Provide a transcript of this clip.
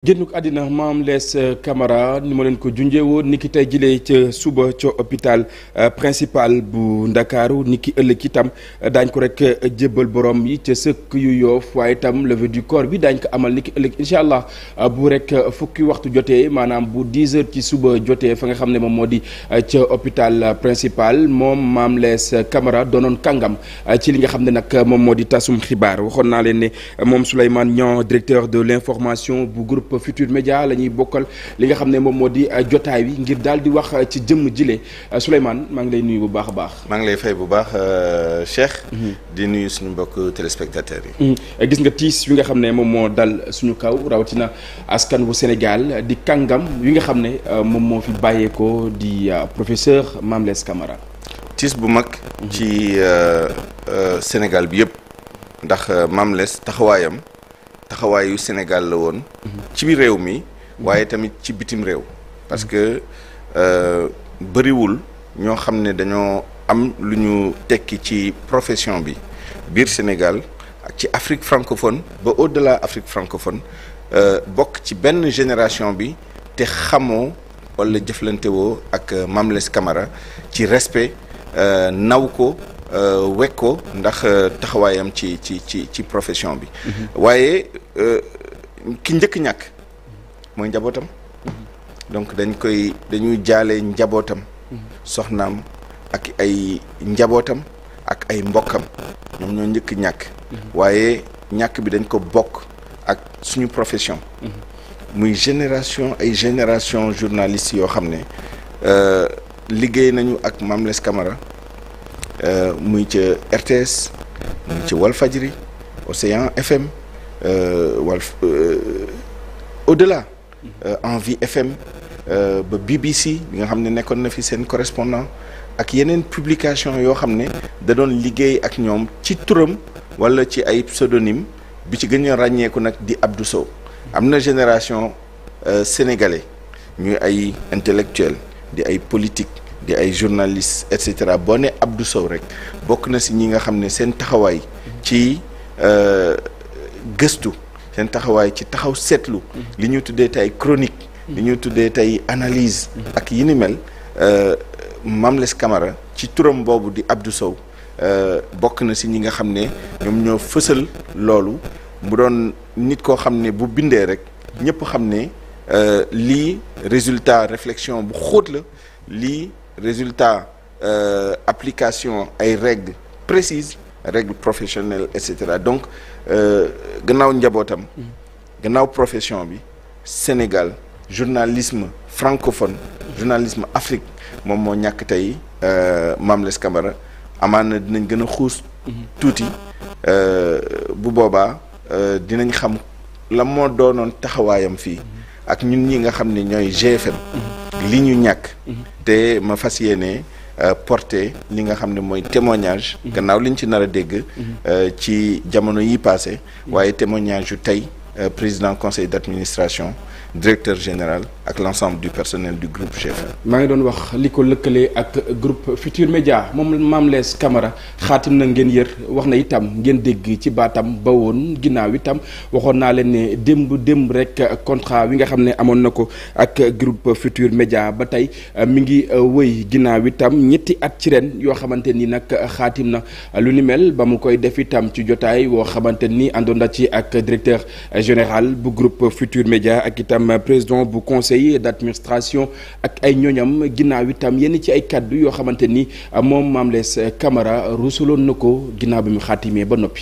ko àddina maam Less euh, Camara ni ma leen ko junjee woon ni ki tey jilee ca suba ca hôpital euh, principal bu ndakaaru ni ki ëllëg itam euh, daañ ko rek jébbal borom yi ca sëkk yu yoof waaye itam levée di corps bi daañ ko amal ni ëllëg incha allah bu rek fukki waxtu jotee maanaam bu 10 heures ci suba jotee fa nga xam ne moom moo di ca hôpital principal moom maam les Camara doonoon kàngam ci li nga xam ne nag moom moo di tasum xibaar waxoon naa leen ne moom Souleymane Niang directeur de l'information bu groupe groupe Futur Média la ñuy bokkal li nga xam ne moom moo di euh, jotaay wi ngir daal di wax euh, ci jëmm jile euh, Souleymane maa ngi lay nuyu bu baax a baax. maa ngi lay fay bu baax Cheikh. Mhm. di nuyu suñu mbokk téléspectateurs yi. Mhm. gis nga tiis wi nga xam ne moom moo dal suñu kaw rawatina askan wu Sénégal di kàngam wi nga xam ne moom moo fi bàyyeekoo di professeur Mame Less Camara. tiis bu mag. Mhm. ci Sénégal bi yëpp. ndax maam les taxawaayam. taxawaayu Sénégal la woon ci biir réew mi waaye tamit ci bitim réew parce que euh, bëriwul ñoo xam ne dañoo am lu ñu tekki ci profession bi biir Sénégal ak ci Afrique francophone ba de la Afrique francophone euh, bokk ci benn génération bi te xamoo wala jëflante ak euh, Mame Less Camara ci respect naw ko Euh, wekk ko ndax euh, taxawaayam ci ci ci ci profession bi. Mhm. waaye euh, ki njëkk ñàkk mooy njabootam. donc dañ koy dañuy jaale njabootam. Mhm. soxnaam ak ay njabootam ak ay mbokkam ñoom ñoo njëkk ñàkk. Mhm. waaye ñàkk bi dañ ko bokk ak suñu profession. muy génération ay génération journalistes yoo xam ne liggéey nañu ak Mame Less Euh, muy ca RTS muy ca Walfajri Océan FM euh, Walf euh, au-delà Envie FM ba BBC bi nga xam ne nekkoon na fi seen correspondant ak yeneen publication yoo xam ne da doon liggéey ak ñoom ci turam wala ci ay pseudonyme bi ci gën ràññeeku nag di Abdou Sow am na génération sénégalais ñuy ay intellectuels di ay politique di ay journalistes et cetera boo ne Abdou Sow rek bokk na si ñi nga xam ne seen taxawaay ci euh, gëstu seen taxawaay ci taxaw seetlu li ñu tuddee tey chronique li ñu tuddee tey analyse ak yi ni euh, Mamles Camara ci turam boobu di Abdou Sow euh, bokk na si ñi nga xam ne ñoom ñoo fësal loolu mu doon nit koo xam ne bu bindee rek ñëpp xam ne lii résultat réflexion bu xóot la lii résultat euh, application ay règles précises règles professionnelles et cetera donc euh, gannaaw njabootam gannaaw profession bi Sénégal journalisme francophone journalisme Afrique moom moo ñàkk tey euh, Mame Less Camara amaan na dinañ gën a xuus tuuti euh, bu boobaa dinañ xam la moo doonoon taxawaayam fii ak ñun ñi nga xam ne ñooy GFM. Mhm. li ñu ñàkk. Mhm. te ma fas yéene euh, porter li nga xam ne mooy témoignage. Mhm. gannaaw liñ ci nar a dégg. Euh, ci jamono yi passé waaye témoignage yu tey euh, président conseil d'administration. directeur général ak l'ensemble du personnel du groupe chef. maa ngi doon wax li ko lëkkalee ak groupe Futur Média moom maam Less Camara xaatim na ngeen yër wax na itam ngeen dégg ci baatam ba woon ginnaaw itam waxoon naa leen ne démb démb rek contrat wi nga xam ne amoon na ko ak groupe Futur Média ba tey euh, mi ngi euh, wëy ginnaaw itam ñetti at ci ren yoo xamante ni nag xaatim na lu ni mel ba mu koy def itam ci jotaay woo xamante ni àndoon na ci ak directeur général bu groupe Futur itam président bu conseil d'administration ak ay ñooñam ginnaaw itam yenn ci ay kàddu yoo xamante ni moom Mame Less Camara rusaloon na ko ginnaaw bi muy xaatimee ba noppi.